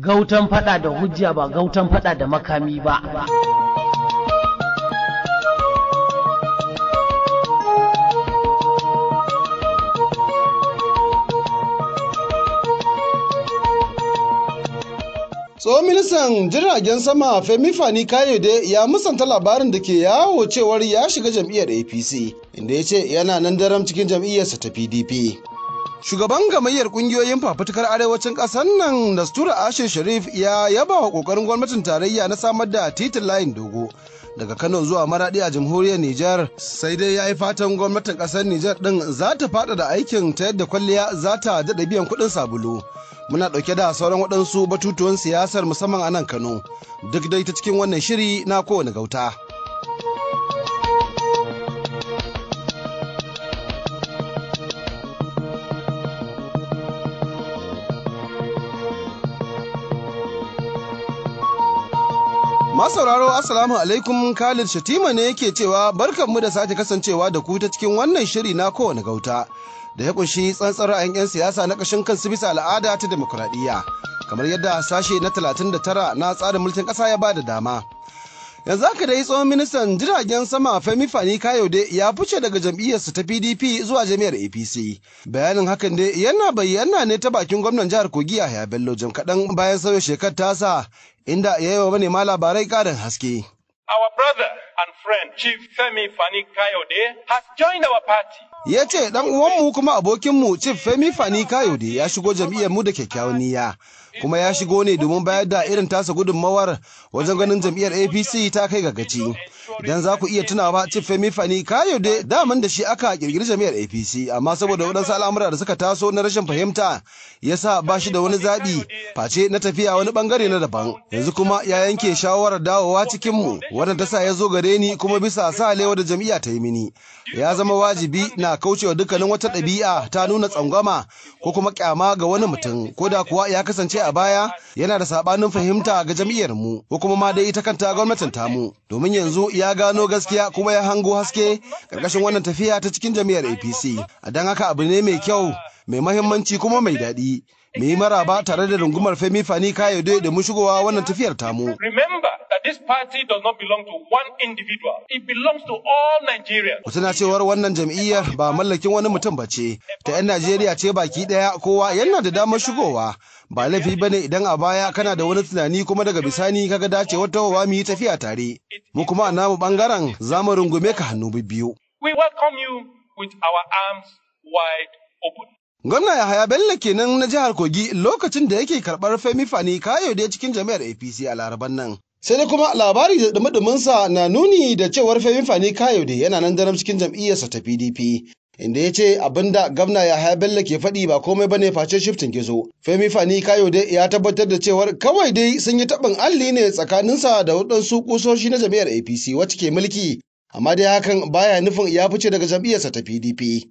gautan faɗa da hujja ba gautan faɗa da makami ba tsohon ministan jiragen sama femi fani kayode ya musanta labarin da ke yawo cewar ya shiga jam'iyyar apc inda ya ce yana nan daram cikin jam'iyyarsa ta pdp Shugaban gamayyar kungiyoyin fafutukar arewacin kasar nan da tura Ashe Sharif ya yaba wa ƙoƙarin gwamnatin tarayya na samar da titin layin dogo daga Kano zuwa Maraɗi a jamhuriyar Nijar sai dai ya yi fatan gwamnatin kasar Nijar din za ta da aikin ta yadda kwalliya za ta daɗa biyan kuɗin sabulu. Muna ɗauke da sauran waɗansu batutuwan siyasar musamman a nan Kano duk dai ta cikin wannan shiri na kowane gauta. sauraro Assalamu alaikum Khalid Shatima ne yake cewa barkanmu da sake kasancewa da ku ta cikin wannan shiri na kowane gauta da ya kunshi tsantsan ra'ayin 'yan siyasa na ƙashin kansu bisa al'ada ta demokuraɗiyya kamar yadda sashe na 39 na tsarin mulkin ƙasa ya ba da dama. yanzu haka dai tsohon ministan jiragen sama femi fani kayode ya fice daga jam'iyyarsa ta pdp zuwa jami'ar apc bayanin hakan dai yana bayyana ne ta bakin gwamnan jihar kogi yahaya bello jim kaɗan bayan sauya shekar tasa inda ya yi wa manema labarai ƙarin haske Our brother ya ce ɗan uwanmu kuma abokinmu chief femi fani kayode ya shigo jam'iyyar mu da kyakkyawan niyya kuma ya shigo ne domin bayar da irin tasa gudunmawar wajen ganin jam'iyyar apc ta kai ga gaci idan za ku iya tunawa cif femi fani kayode daman da shi aka kirkiri jam'iyyar apc amma saboda waɗansu al'amura da suka taso na rashin fahimta ya sa ba shi da wani zaɓi face na tafiya wani bangare na daban yanzu kuma ya yanke shawarar dawowa cikinmu wannan ta sa ya zo gare ni kuma bisa sa lewa da jam'iyya ta yi mini ya zama wajibi na kaucewa dukkanin wata ɗabi'a ta nuna tsangwama ko kuma kyama ga wani mutum ko da kuwa ya kasance ce a baya yana da sabanin fahimta ga jam'iyyar mu ko kuma ma dai ita kanta gwamnatin tamu domin yanzu ya gano gaskiya kuma ya hango haske karkashin wannan tafiya ta cikin jam'iyyar APC a dan haka abu ne mai kyau mai mahimmanci kuma mai daɗi mu yi maraba tare da rungumar Femi Fani Kayode da mu shigowa wannan tafiyar tamu. Remember this party does not belong to one individual. It belongs to all Nigerians. Wata cewar wannan jam'iyyar ba mallakin wani mutum ba ce, ta 'yan Najeriya ce baki ɗaya kowa yana da damar shigowa. ba laifi ba ne idan a baya kana da wani tunani kuma daga bisani kaga dace wata wa mu yi tafiya tare mu kuma a namu bangaren za mu rungume ka hannu biyu. Gwamna Yahaya Bello kenan na jihar Kogi lokacin da yake karɓar Femi Fani Kayode cikin jami'ar APC a Laraban nan. Sai dai kuma labari da sa na nuni da cewar Femi Fani Kayode yana nan daram cikin jam'iyyarsa ta PDP inda ya ce abinda gwamna Yahaya Bello ke faɗi ba komai ba ne face shiftin gizo. Femi Fani dai ya tabbatar da cewar kawai dai sun yi taɓin alli ne tsakaninsa da waɗansu kusoshi na jami'ar APC wacce ke mulki amma dai hakan baya nufin ya fice daga jam'iyyarsa ta PDP.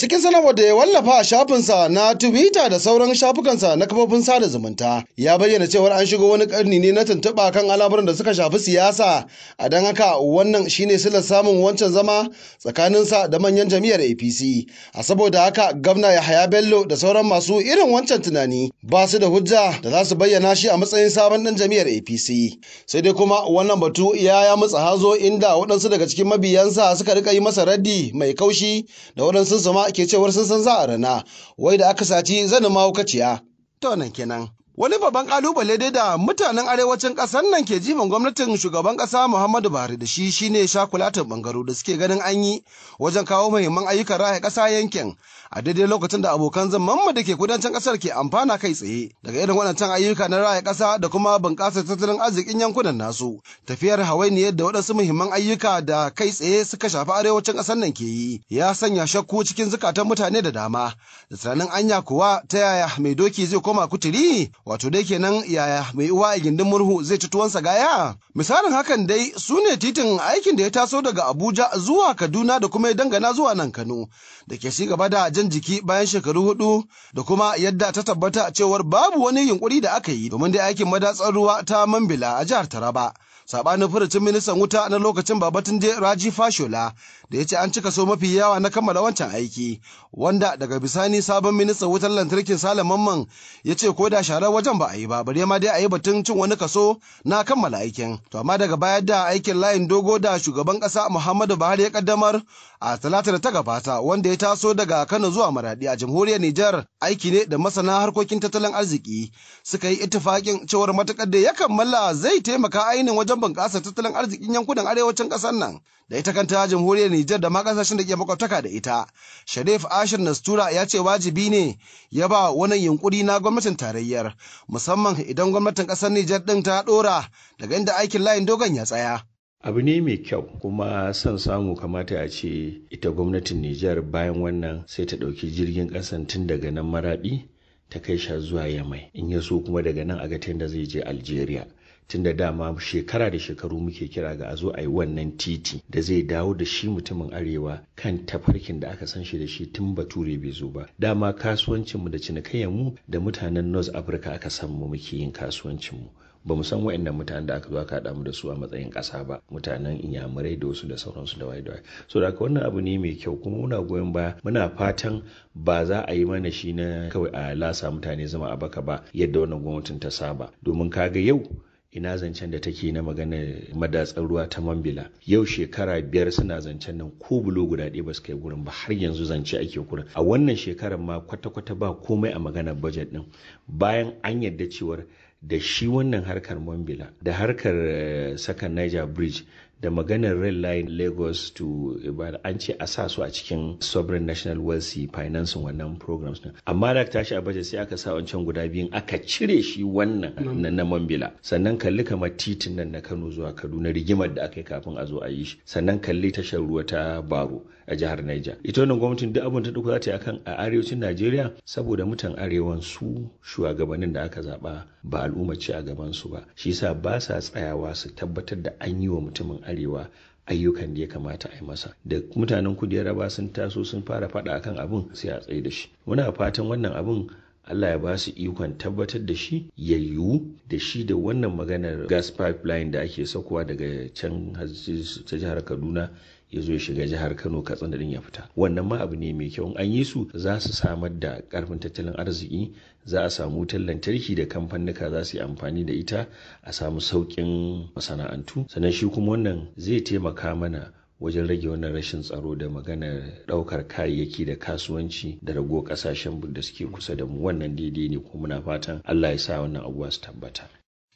Cikin sanarwar da ya wallafa a shafinsa na Twitter da sauran shafukansa na kafofin sada zumunta, ya bayyana cewar an shigo wani karni ne na tuntuɓa kan al'amuran da suka shafi siyasa, a don haka wannan shine silar samun wancan zama tsakaninsa da manyan jami'ar APC. A saboda haka gwamna Yahaya Bello da sauran masu irin wancan tunani ba su da hujja da za su bayyana shi a matsayin sabon dan jami'ar APC. Sai dai kuma wannan batu ya ya mutsa hazo inda waɗansu daga cikin mabiyansa suka rika yi masa raddi mai kaushi da waɗansu sama ake cewar sun san za a rana wai da aka saci zanin mahaukaciya to nan kenan Wani babban kalubale dai da mutanen arewacin ƙasar nan ke jifan gwamnatin shugaban ƙasa Muhammadu Buhari da shi shine shakulatin bangaro da suke ganin an yi wajen kawo muhimman ayyukan raya ƙasa yankin a daidai lokacin da abokan zamanmu da ke kudancin ƙasar ke amfana kai tsaye daga irin waɗancan ayyuka na raya ƙasa da kuma bunƙasar tattalin arzikin yankunan nasu tafiyar hawainiyar da waɗansu muhimman ayyuka da kai tsaye suka shafi arewacin ƙasar nan ke yi ya sanya shakku cikin zukatan mutane da dama da tunanin anya kuwa ta yaya mai doki zai koma kuturi wato dai kenan yaya mai uwa a gindin murhu zai ci tuwonsa gaya misalin hakan dai su ne titin aikin da ya taso daga abuja zuwa kaduna da kuma ya dangana zuwa nan kano da ke ci gaba da jan jiki bayan shekaru hudu da kuma yadda ta tabbata cewar babu wani yunkuri da aka yi domin dai aikin madatsar ruwa ta mambila a jihar taraba sabanin furucin ministan wuta na lokacin babatunde raji fashola da ya ce an cika so mafi yawa na kammala wancan aiki wanda daga bisani sabon ministan wutar lantarkin Sale Mamman ya ce ko da sharar wajen ba a yi ba bari ma dai a yi batun cin wani kaso na kammala aikin to amma daga baya da aikin layin dogo da shugaban kasa Muhammadu Buhari ya kaddamar a da ta gabata wanda ya taso daga Kano zuwa Maradi a jamhuriyar Nijar aiki ne da masana harkokin tattalin arziki suka yi ittifakin cewar matakar da ya kammala zai taimaka ainihin wajen bunƙasar tattalin arzikin yankunan arewacin ƙasar nan da ita kanta jamhuriyar Nijar da ma kasashen da ke makwabtaka da ita. Sharif Ashir Nastura ya ce wajibi ne ya ba wani yunkuri na gwamnatin tarayyar musamman idan gwamnatin kasar Nijar ɗin ta ɗora daga inda aikin layin dogon ya tsaya. abu ne mai kyau kuma son samu kamata a ce ita gwamnatin Nijar bayan wannan sai ta ɗauki jirgin ƙasan tun daga nan maraɗi ta kai sha zuwa yamai in ya so kuma daga nan a ga da zai je Algeria tun da dama shekara da shekaru muke kira ga a zo a yi wannan titi da zai dawo da shi mutumin arewa kan tafarkin da aka san shi da shi tun bature bai zo ba dama kasuwancinmu da cinikayyarmu da mutanen north africa aka san mu muke yin kasuwancinmu ba mu san wa'annan mutanen da aka zo aka haɗa mu da su a matsayin ƙasa ba mutanen inyamurai da wasu da sauransu da waye da waye so da haka wannan abu ne mai kyau kuma muna goyon baya muna fatan ba za a yi mana shi na kawai a lasa mutane zama a baka ba yadda wannan gwamnatin ta saba domin kaga yau ina zancen da take na maganar madatsar ruwa ta mambila yau shekara biyar suna zancen nan ko bulo guda ɗaya ba su kai gurin ba har yanzu zance ake gurin a wannan shekarar ma kwata-kwata ba komai a maganar bajet din bayan an yadda cewar da shi wannan harkar mambila da harkar eh, sakan niger bridge da maganar red line lagos to an ce a sa su a cikin sovereign national wealth financing wannan programs din amma da tashi a budget sai aka sa wancan guda biyun aka cire shi wannan na na mambila sannan kalli kamar titin nan na kano zuwa kaduna rigimar da aka yi kafin a zo a yi shi sannan kalli tashar ruwa ta baro a jihar Niger. Ita wannan gwamnatin duk abin ta duk za ta yi akan a arewacin Najeriya saboda mutan arewan su shugabannin da aka zaba ba al'umma ce a gaban su ba. Shi yasa ba sa tsayawa su tabbatar da an yi wa mutumin arewa ayyukan da ya kamata a yi masa da mutanen kudu raba sun taso sun fara faɗa akan abun sai a tsaye da shi muna fatan wannan abun Allah ya ba su ikon tabbatar da shi ya yiwu da shi da wannan maganar gas pipeline da ake sakuwa daga can ta jihar Kaduna ya zo ya shiga jihar kano katsina din ya fita wannan ma abu ne mai kyau an yi su za su samar da karfin tattalin arziki za a samu wutar lantarki da kamfanuka za su yi amfani da ita a samu sauƙin masana'antu sannan shi kuma wannan zai taimaka mana wajen rage wannan rashin tsaro da maganar ɗaukar kayayyaki da kasuwanci da rago ƙasashen da suke kusa da mu wannan daidai ne kuma muna fatan allah ya sa wannan abuwa su tabbata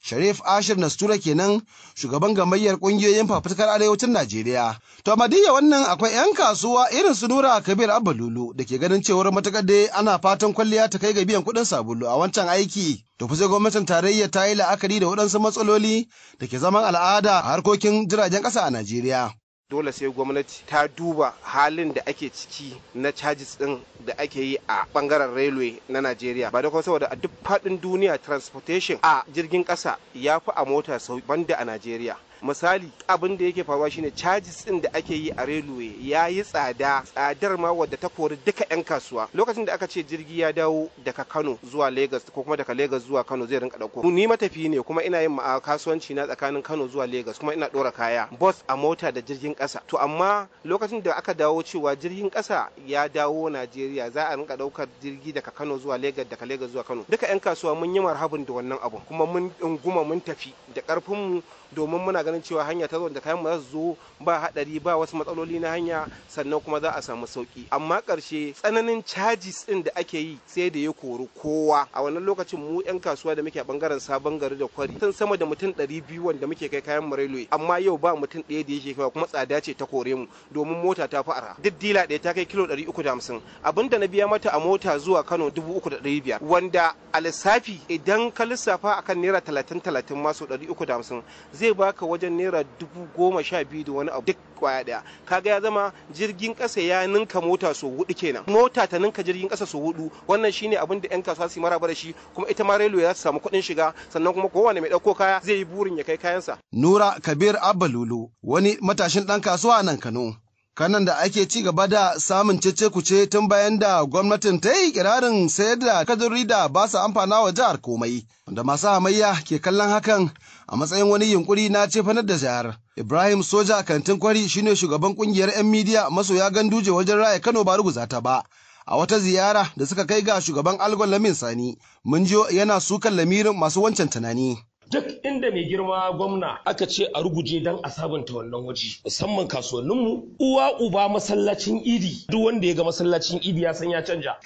Sharif Ashir Nastura kenan shugaban gamayyar kungiyoyin fafutukar arewacin Najeriya. To a wannan akwai 'yan kasuwa irin su Nura Kabir lulu da ke ganin cewar matakar dai ana fatan kwalliya ta kai ga biyan kuɗin sabulu a wancan aiki. To fa sai gwamnatin tarayya ta yi la'akari da waɗansu matsaloli da ke zaman al'ada a harkokin jiragen ƙasa a Najeriya. dole sai gwamnati ta duba halin da ake ciki na charges din da ake yi a bangaren railway na Najeriya ba da kuma saboda a duk faɗin duniya transportation a jirgin ƙasa ya fi a mota sau banda a Najeriya misali abin da yake faruwa shine charges din da ake yi a railway ya yi tsada tsadar ma wadda ta kori duka 'yan kasuwa lokacin da aka ce jirgi ya dawo daga kano zuwa lagos ko kuma daga lagos zuwa kano zai rinka dauko ni matafi ne kuma ina yin kasuwanci na tsakanin kano zuwa lagos kuma ina dora kaya bus a mota da jirgin kasa to amma lokacin da aka dawo cewa jirgin kasa ya dawo najeriya za a rinka daukar jirgi daga kano zuwa lagos daga lagos zuwa kano duka 'yan kasuwa mun yi marhabin da wannan abu kuma mun dinguma mun tafi da karfin mu domin muna ganin ganin cewa hanya ta zo da kayan za su zo ba haɗari ba wasu matsaloli na hanya sannan kuma za a samu sauki amma karshe tsananin charges ɗin da ake yi sai da ya kori kowa a wannan lokacin mu 'yan kasuwa da muke a bangaren sabon gari da kwari tun sama da mutum ɗari biyu wanda muke kai kayan mu railway amma yau ba mutum ɗaya da yake kai kuma tsada ce ta kore mu domin mota ta fi duk dila ɗaya ta kai kilo ɗari uku da hamsin abinda na biya mata a mota zuwa kano dubu uku da ɗari biyar wanda a lissafi idan ka lissafa akan naira talatin talatin masu ɗari da hamsin zai baka wajen wajen naira dubu goma sha biyu da wani abu duk kwaya daya kaga ya zama jirgin kasa ya ninka mota so hudu kenan mota ta ninka jirgin kasa so hudu wannan shine abin da yan kasuwa su maraba da shi kuma ita ma railway za su samu kuɗin shiga sannan kuma kowane mai ɗauko kaya zai yi burin ya kai kayansa. Nura Kabir Abbalulu wani matashin ɗan kasuwa nan Kano kanan da ake ci gaba da samun cece kuce tun bayan da gwamnatin ta yi kirarin sayar da kadurri da ba su amfana wa jihar komai da masu hamayya ke kallon hakan a matsayin wani yunkuri na cefanar da jihar ibrahim soja kantin kwari shine shugaban kungiyar 'yan midiya maso masoya ganduje wajen raya kano ba ruguza ta ba a wata ziyara da suka kai ga shugaban algon lamin sani mun jiyo yana sukan lamirin masu wancan tunani duk inda mai girma gwamna aka ce a ruguje don a sabunta wannan waje musamman kasuwanninmu uwa uba masallacin idi duk wanda ya ga masallacin idi ya san ya canja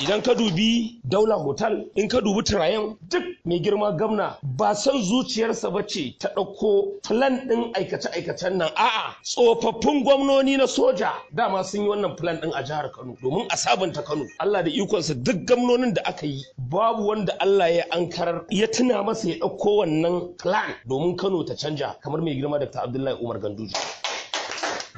idan ka dubi daula hotel in ka dubi turayen duk mai girma gamna ba san zuciyarsa ba ce ta ɗauko plan ɗin aikace-aikacen nan a'a tsofaffin gwamnoni na soja dama sun yi wannan plan ɗin a jihar kano domin a sabunta kano allah da ikonsa duk gwamnonin da aka yi babu wanda allah ya ankarar ya tuna masa ya ɗauko wannan plan domin kano ta canja kamar mai girma dr abdullahi umar ganduje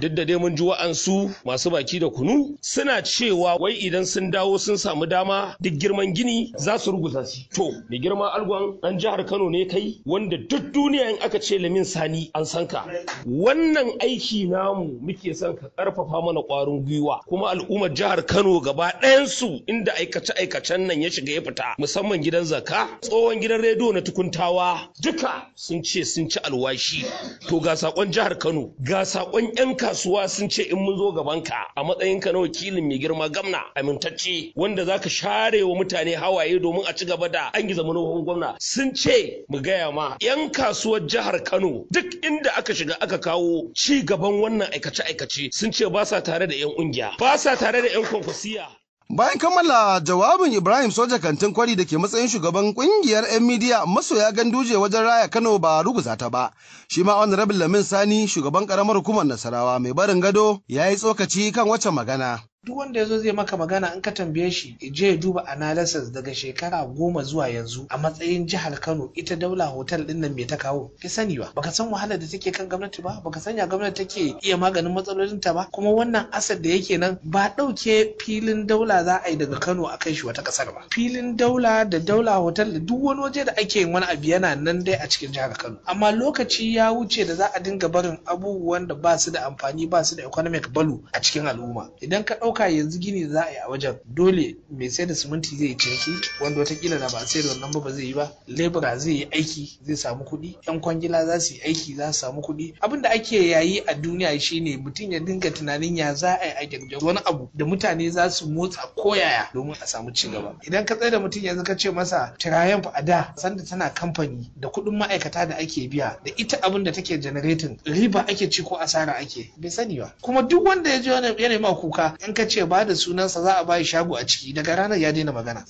duk da dai mun ji wa'ansu masu baki da kunu suna cewa wai idan sun dawo sun samu dama duk girman gini za su ruguza shi to mai girma algon dan jihar Kano ne kai wanda duk duniya in aka ce Lamin Sani an san ka wannan aiki namu muke son ka karfafa mana kwarin gwiwa kuma al'ummar jihar Kano gaba ɗayansu inda aikace aikacen nan ya shiga ya fita musamman gidan Zaka, tsohon gidan rediyo na tukuntawa duka sun ce sun ci alwashi to ga sakon jihar Kano ga sakon yan kasuwa sun ce in mun zo gabanka a matsayinka na wakilin mai girma gamna amintacce wanda zaka share wa mutane hawaye domin a ci gaba da an giza manufofin gwamna sun ce mu gaya ma yan kasuwar jihar Kano duk inda aka shiga aka kawo ci gaban wannan aikace-aikace sun ce ba sa tare da yan kungiya ba sa tare da yan kwankwasiya Bayan kammala jawabin Ibrahim Soja Kantin Kwari da ke matsayin shugaban kungiyar 'yan midiya masoya ganduje wajen raya Kano ba ruguza ta ba. Shi ma rabin Lamin Sani shugaban ƙaramar hukumar Nasarawa mai barin gado ya yi tsokaci kan wacce magana. duk wanda ya zo zai maka magana in ka tambaye shi je ya duba analysis daga shekara goma zuwa yanzu a matsayin jihar kano ita daula hotel din nan me ta kawo ki sani ba baka san wahalar da take kan gwamnati ba baka sanya gwamnati take iya maganin matsalolin ta ba kuma wannan asad da yake nan ba ɗauke filin daula za a yi daga kano a kai shi wata kasar ba filin daula da daula hotel da duk wani waje da ake yin wani abu yana nan dai a cikin jihar kano amma lokaci ya wuce da za a dinga barin abubuwan da ba su da amfani ba su da economic value a cikin al'umma idan ka ɗauka ɗauka yanzu gini za a yi a wajen dole mai sai da siminti zai ciniki wanda watakila da ba sai da wannan ba zai yi ba lebura zai yi aiki zai samu kuɗi yan kwangila za su yi aiki za su samu kuɗi abin da ake yayi a duniya shine mutum ya dinga tunanin ya za a yi a girgir wani abu da mutane za su motsa koyaya domin a samu ci gaba idan ka tsaye da mutum yanzu ka ce masa tirayen a da sanda tana kamfani da kuɗin ma'aikata da ake biya da ita abin da take generating riba ake ci ko asara ake bai sani ba kuma duk wanda ya je yana ma kuka in ka ce ba da sunansa za a bayi shago a ciki daga ranar ya daina magana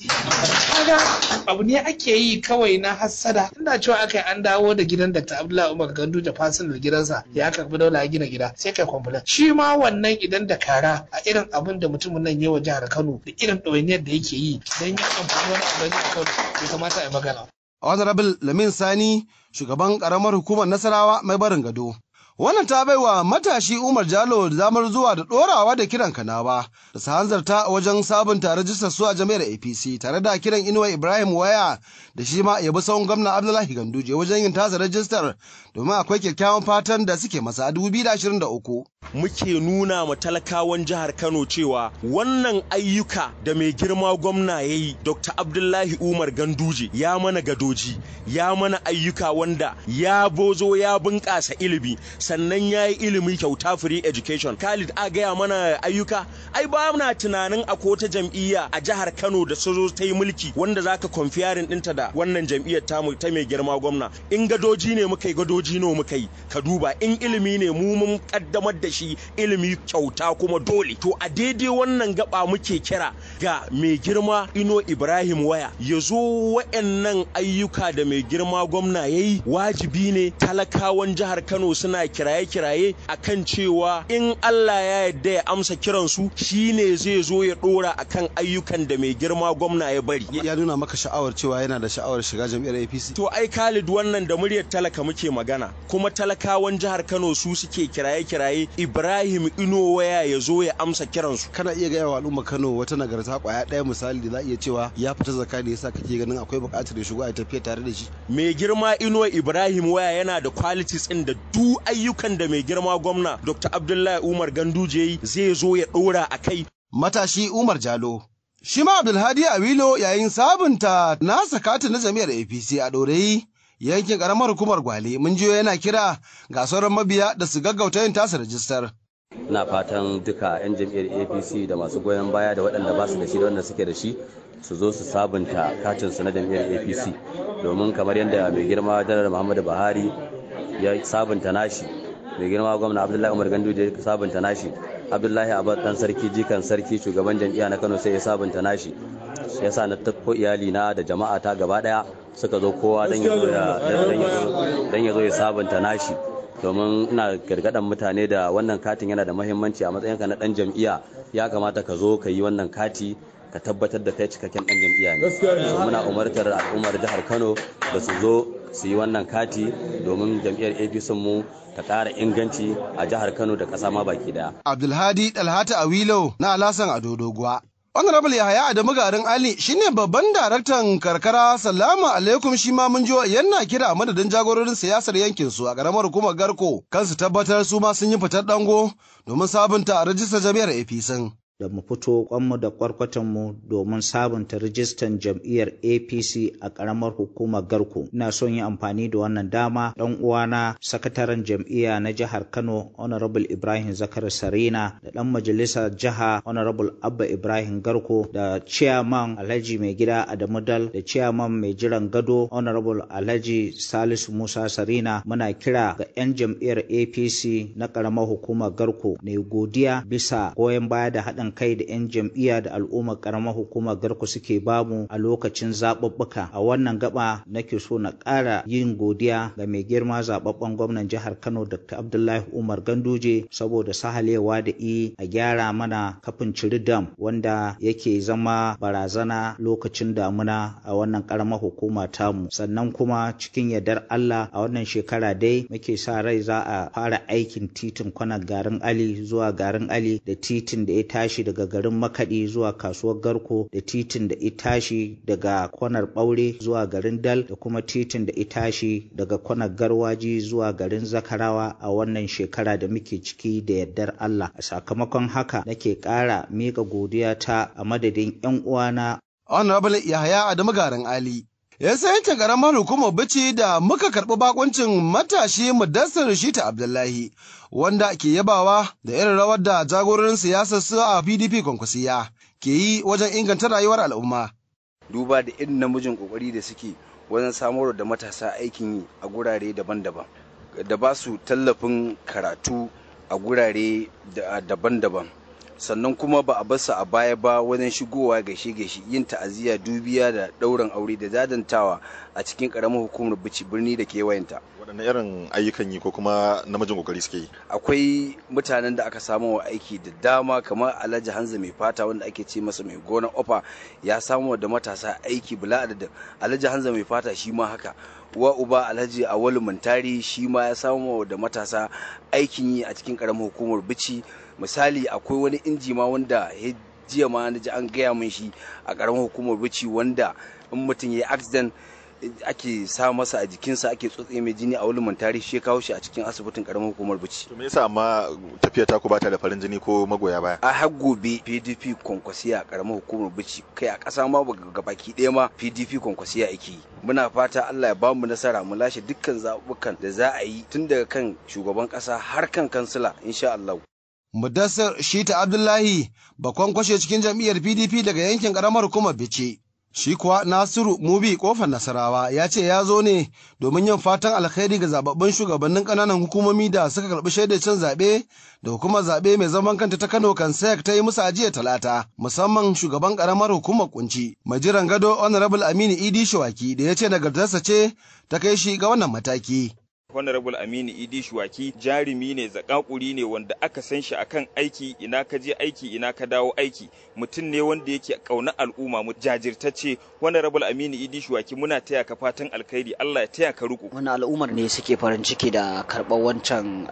kaga abu ne ake yi kawai na hassada ina cewa akai an dawo da gidan Dr. Abdullahi Umar Gandu da fasinal gidansa ya karbi daula gina gida sai kai kwamfulan shi ma wannan idan da kara a irin abin da mutumin nan yawa jihar Kano da irin ɗawainiyar da yake yi dan ya amfani wani abu a Kano ya kamata a yi magana rabin Lamin Sani, shugaban ƙaramar hukumar Nasarawa mai barin gado, Wannan ta bai wa matashi Umar Jalo damar zuwa da ɗorawa da kiran kanawa da su hanzarta wajen sabunta rajistar su a jami'ar APC tare da kiran Inuwa Ibrahim Waya da shi ma yabi sahun gwamna Abdullahi Ganduje wajen yin tasa rajistar domin akwai kyakkyawan fatan da suke masa a uku. Muke nuna ma talakawan jihar Kano cewa wannan ayyuka da mai girma gwamna ya yi Dr. Abdullahi Umar Ganduje ya mana gadoji ya mana ayyuka wanda ya bozo ya bunƙasa ilimi sannan ya yi ilimi kyauta free education khalid a gaya mana ayyuka ai ba na tunanin a ta jam'iyya a jihar kano da su ta yi mulki wanda za ka kwamfiyarin dinta da wannan jam'iyyar ta mai girma gwamna in gadoji ne muka yi gadoji ne muka yi ka duba in ilimi ne mu mun kaddamar da shi ilimi kyauta kuma dole to a daidai wannan gaba muke kira ga mai girma ino ibrahim waya ya zo wa'annan ayyuka da mai girma gwamna ya yi wajibi ne talakawan jihar kano suna kiraye-kiraye a kan cewa in Allah ya yadda ya amsa kiransu shi ne zai zo ya dora kan ayyukan da mai girma gwamna ya bari ya nuna maka sha'awar cewa yana da sha'awar shiga jam'iyyar APC to ai Khalid wannan da muryar talaka muke magana kuma talakawan jihar Kano su suke kiraye-kiraye Ibrahim waya ya zo ya amsa kiransu kana iya gaya wa al'umma Kano wata nagarta kwaya ɗaya misali da za iya cewa ya fita zakka ne yasa kake ganin akwai buƙatar ya shigo a tafiya tare da shi mai girma Ino Ibrahim waya yana da qualities ɗin da duk ayyukan da mai girma gwamna Dr. Abdullahi Umar Ganduje zai zo ya ɗora a kai. Matashi Umar Jalo. Shi ma Abdulhadi Awilo yayin sabunta nasa katin na jami'ar APC a ɗorayi yankin ƙaramar hukumar Gwale mun jiyo yana kira ga sauran mabiya da su gaggauta yin tasa rajistar. Ina fatan duka 'yan jam'iyyar apc da masu goyon baya da waɗanda ba su da shi da waɗanda suke da shi su zo su sabunta katin su na jami'ar apc domin kamar yadda mai girma janar muhammadu buhari ya sabunta nashi mai girma gwamna abdullahi umar gandu da ya sabunta nashi abdullahi abad dan sarki jikan sarki shugaban jam'iyya na kano sai ya sabunta nashi ya sa na tafko iyali na da jama'a ta gaba daya suka zo kowa dan ya zo ya sabunta nashi domin ina gargadan mutane da wannan katin yana da mahimmanci a matsayinka na dan jam'iya ya kamata ka zo ka yi wannan kati ka tabbatar da kai cikakken dan jam'iyya ne muna umartar al'ummar jihar kano da su zo su yi wannan kati domin jam'iyyar apc mu ta ƙara inganci a jihar kano da ƙasa ma baki daya abdulhadi dalhata awilo na alasan adodoguwa honorable yahaya adamu garin ali shine babban daraktan karkara salamu alaikum shi ma mun jiwa yana kira madadin jagororin siyasar yankin su a karamar hukumar garko kansu tabbatar su ma sun yi fitar dango domin sabunta a rajistar jami'ar apc da mu fito kwanmu da kwarkwatanmu domin sabunta rijistan jam'iyyar APC a ƙaramar hukumar Garko. Ina son yi amfani da wannan dama ɗan uwana sakataren jam'iyya na jihar Kano Honorable Ibrahim Zakar Sarina da ɗan Majalisa jiha Honorable Abba Ibrahim Garko da Chairman Alhaji Mai Gida Adamu Dal da Chairman Mai Jiran Gado Honorable Alhaji Salisu Musa Sarina muna kira ga 'yan jam'iyyar APC na ƙaramar hukumar Garko ne godiya bisa goyon baya da haɗin haɗin kai da 'yan jam'iyya da al'ummar ƙaramar hukumar garku suke bamu a lokacin zaɓuɓɓuka a wannan gaba nake so na ƙara yin godiya ga mai girma zaɓaɓɓen gwamnan jihar kano dr abdullahi umar ganduje saboda sahalewa da i a gyara mana kafin ciri dam wanda yake zama barazana lokacin damuna a wannan ƙaramar hukuma tamu sannan kuma cikin yardar allah a wannan shekara dai muke sa rai za a fara aikin titin kwanan garin ali zuwa garin ali da titin da ya tashi tashi daga garin makaɗi zuwa kasuwar garko da titin da itashi daga kwanar ɓaure zuwa garin dal da kuma titin da itashi daga kwanar garwaji zuwa garin zakarawa a wannan shekara da muke ciki da yardar Allah a sakamakon haka nake ƙara miƙa godiya ta a madadin 'yan uwana rabin Yahaya Adamu Garin Ali ya ta karamar hukumar bici da muka karɓi bakuncin matashi mudassar ta abdullahi wanda ke yabawa da irin rawar da jagororin siyasar su a pdp kwankwasiya ke yi wajen inganta rayuwar al'umma duba da irin namijin kokari da suke wajen samar da matasa aikin yi a gurare daban-daban da ba su tallafin karatu a gurare daban-daban sannan kuma ba a basa a baya ba wajen shigowa gaishe gaishe yin ta'aziyya dubiya da ɗaurin aure da zadantawa a cikin ƙaramin hukumar bici birni da kewayenta waɗanne irin ayyukan yi ko kuma namijin kokari suke yi akwai mutanen da aka samu wa aiki da dama kamar alhaji hanza mai fata wanda ake ce masa mai gona ofa ya samu da matasa aiki bula da alhaji hanza mai fata shi ma haka wa uba alhaji awal muntari shi ma ya samu da matasa aikin yi a cikin karamar hukumar bici misali akwai wani inji ma wanda jiya ma na ji an gaya mun shi a karamar hukumar bici wanda in mutum ya yi accident ake sa masa a jikinsa ake tsotse mai jini a wulin tarihi shi kawo shi a cikin asibitin karamar hukumar bici. To me yasa amma tafiya ta ku bata da farin jini ko magoya baya? A har gobe PDP kwankwasiya karamar hukumar bici kai a ƙasa ma baki ɗaya ma PDP kwankwasiya ake yi. Muna fata Allah ya ba mu nasara mu lashe dukkan zaɓuɓɓukan da za a yi tun daga kan shugaban ƙasa har kan kansila insha allahu. Mudassar Shita Abdullahi bakon kwashe cikin jam'iyyar PDP daga yankin karamar hukumar Bici. Shi kuwa Nasiru Mubi kofar Nasarawa ya ce ya zo ne domin yin fatan alkhairi ga zababbin shugabannin ƙananan hukumomi da suka karɓi shaidar cin zaɓe da hukumar zaɓe mai zaman kanta ta Kano kan sayak ta yi musu ajiya talata musamman shugaban ƙaramar hukumar kunci. Mai jiran gado Honorable Aminu Idi Shawaki da ya ce nagartarsa ce ta kai shi ga wannan mataki. Honorable Aminu Idi Shuwaki jarumi ne zakakuri ne wanda aka san shi akan aiki ina ka je aiki ina ka dawo aiki mutum ne wanda yake kauna al'umma mu jajirtacce Honorable Aminu Idi Shuwaki muna taya ka fatan alkhairi Allah ya taya ka ruku wannan al'ummar ne suke farin ciki da karɓar wancan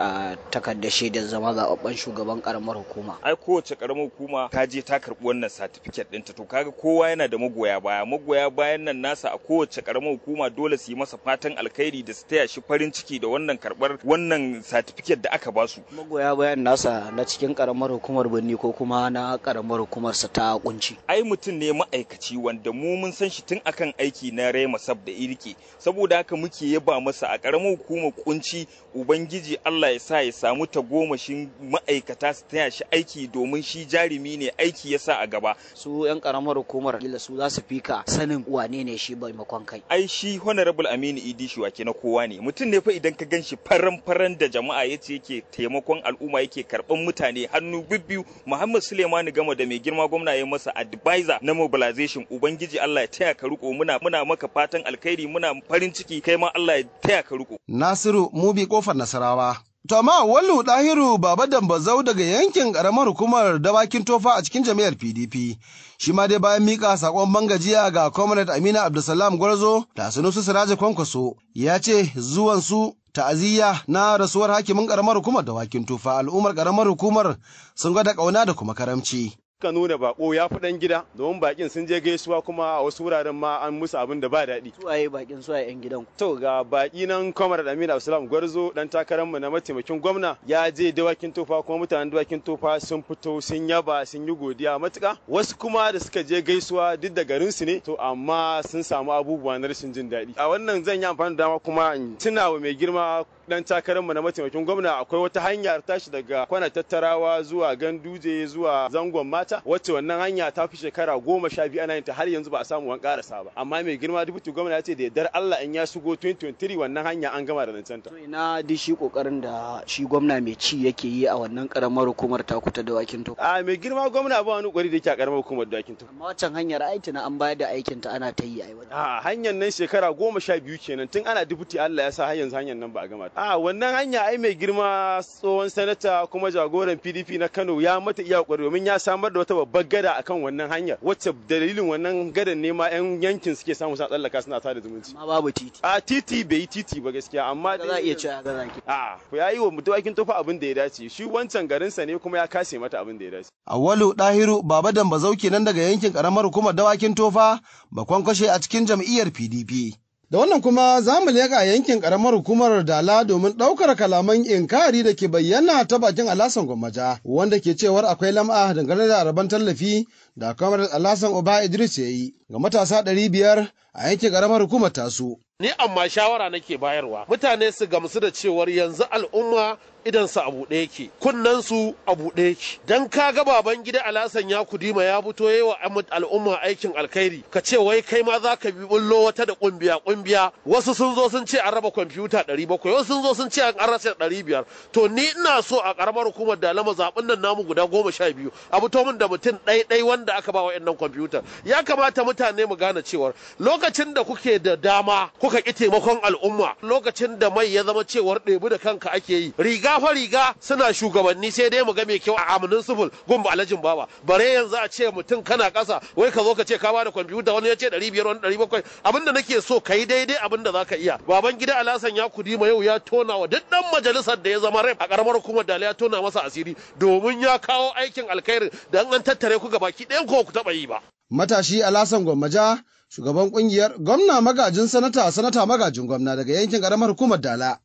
takardar shaidar zama zababban shugaban karamar hukuma ai kowace karamar hukuma ta je ta karɓi wannan certificate ɗinta to kaga kowa yana da magoya baya magoya bayan nan nasa a kowace karamar hukuma dole su yi masa fatan alkhairi da su taya shi farin ciki ciki da wannan karbar wannan satifiket da aka basu magoya bayan nasa na cikin karamar hukumar birni ko kuma na karamar hukumar sa ta kunci ai mutum ne ma'aikaci wanda mu mun san shi tun akan aiki na rema sab da irke saboda haka muke yaba masa a karamar hukumar kunci ubangiji Allah ya sa ya samu tagomashin ma'aikata su taya shi aiki domin shi jarumi ne aiki ya sa a gaba su yan karamar hukumar kila su za su fika sanin wane ne shi maimakon kai ai shi honorable aminu idi shi wake na kowa ne mutum ne fa idan ka gan shi faran-faran da jama'a ya ce yake taimakon al'umma yake karɓan mutane hannu bibbiyu Muhammad Suleimani gama da mai girma gwamna ya masa advisor na mobilization ubangiji Allah ya taya ka riko muna muna maka fatan alkhairi muna farin ciki kai ma Allah ya taya ka riko Nasiru mu bi kofar Nasarawa Tama Wallu Ɗahiru Baba Dambazau daga yankin ƙaramar hukumar dawakin tofa a cikin jami'ar PDP. Shi ma dai bayan mika saƙon bangajiya ga Comrade Amina Abdulsalam Gwarzo da Sanusi Siraje Kwankwaso ya ce zuwan su ta'aziyya na rasuwar hakimin ƙaramar hukumar dawakin tofa al'ummar ƙaramar hukumar sun gwada ƙauna da kuma karamci. ka nuna bako ya fi dan gida domin bakin sun je gaisuwa kuma a wasu wuraren ma an musu abin da ba daɗi. Su Suwaye bakin suwaye yan gidan ku. To ga baki nan Kwamar Aminu Abdulsalam Gwarzo dan takarar mu na mataimakin gwamna ya je dawakin tofa kuma mutanen dawakin tofa sun fito sun yaba sun yi godiya matuka wasu kuma da suka je gaisuwa duk da garin su ne to amma sun samu abubuwa na rashin jin daɗi. A wannan zan yi amfani da dama kuma in tuna wa mai girma dan takararmu na mataimakin gwamna akwai wata hanya tashi daga kwana tattarawa zuwa ganduje zuwa zangon mata wacce wannan hanya ta fi shekara goma sha biyu ana yin ta har yanzu ba a samu wani karasa ba amma mai girma dubutu gwamna ya ce da yardar Allah in ya shigo 2023 wannan hanya an gama da nan ta. ina di shi kokarin da shi gwamna mai ci yake yi a wannan karamar hukumar ta kuta da wakin to. a mai girma gwamna ba wani kokari da yake a karamar hukumar da wakin to. amma wancan hanyar aiki na an bayar da aikin ta ana ta yi a hanyar nan shekara goma sha biyu kenan tun ana dubuti Allah ya sa har yanzu hanyar nan ba a gama a wannan hanya ai mai girma tsohon sanata kuma jagoran pdp na kano ya mata iya kokari domin ya samar da wata babbar gada akan wannan hanya wacce dalilin wannan gadan ne ma yan yankin suke samu sa tsallaka suna da zumunci amma babu titi a titi bai yi titi ba gaskiya amma da za iya ci a zaki a ku yayi wa mutum tofa abin da ya dace shi wancan garin sa ne kuma ya kase mata abin da ya dace awwalu dahiru baba dan bazauke nan daga yankin karamar hukumar dawakin tofa ba kwankwashe a cikin jam'iyyar pdp Da wannan kuma za mu leƙa yankin ƙaramar hukumar Dala domin ɗaukar kalaman inkari da ke bayyana ta bakin Alasan Gwammaja wanda ke cewar akwai lam'a dangane da araban tallafi da kamar alhassan oba idris ya yi ga matasa ɗari biyar a yanke ƙaramar hukumar tasu ni amma shawara nake bayarwa mutane su gamsu da cewar yanzu al'umma idan su abu ɗaya ke kunnen su abu ɗaya ke dan ka ga baban gida alasan ya kudima ya fito yayi wa al'umma aikin alkhairi ka ce wai kai ma za ka bi bullo wata da kumbiya kumbiya wasu sun zo sun ce an raba kwamfuta ɗari bakwai, wasu sun zo sun ce an rasa ɗari biyar. to ni ina so a ƙaramar hukumar da alama zaɓen nan namu guda goma sha biyu a fito min da mutum ɗai ɗai wanda da aka ba wa kwamfuta ya kamata mutane mu gane cewar lokacin da kuke da dama kuka ki taimakon al'umma lokacin da mai ya zama cewar ɗebu da kanka ake yi riga fa riga suna shugabanni sai dai mu ga mai kyau a aminin sufur gumba alajin baba bare yanzu a ce mutum kana kasa wai ka zo ka ce ka ba da kwamfuta wani ya ce ɗari biyar wani ɗari bakwai abinda nake so ka yi daidai abinda za ka iya baban gida alasan ya kudi ma yau ya tona wa duk ɗan majalisar da ya zama rai a ƙaramar hukumar da ya tona masa asiri domin ya kawo aikin alkhairi da an tattare ku baki. ɗaya in ko ku taɓa yi ba. Matashi Alasan Gwammaja, shugaban ƙungiyar gwamna magajin sanata sanata magajin gwamna daga yankin ƙaramar hukumar Dala.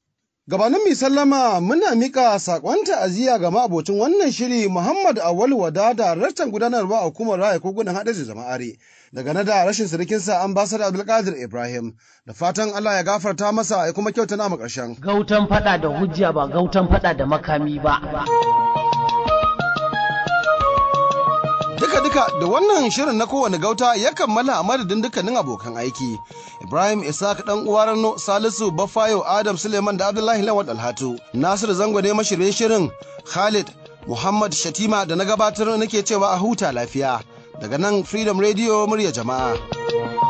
Gabanin mi sallama muna miƙa saƙon ta'aziyya ga ma'abocin wannan shiri Muhammad Awal Wada daraktan gudanarwa a hukumar raya kogunan haɗar da are, daga na da rashin sirikinsa ambasada Abdulkadir Ibrahim da fatan Allah ya gafarta masa ya kuma kyauta na ƙarshen. Gautan faɗa da hujja ba gautan faɗa da makami ba. Duka-duka da wannan shirin na kowane gauta ya kammala a madadin dukkanin abokan aiki. Ibrahim Isaac dan uwa Rano Salisu Bafayo Adam Suleiman da Abdullahi Lawan Alhatu. Nasiru Zango ne mashirin shirin Khalid Muhammad Shatima da na gabatar nake cewa a huta lafiya. Daga nan Freedom Radio murya jama'a.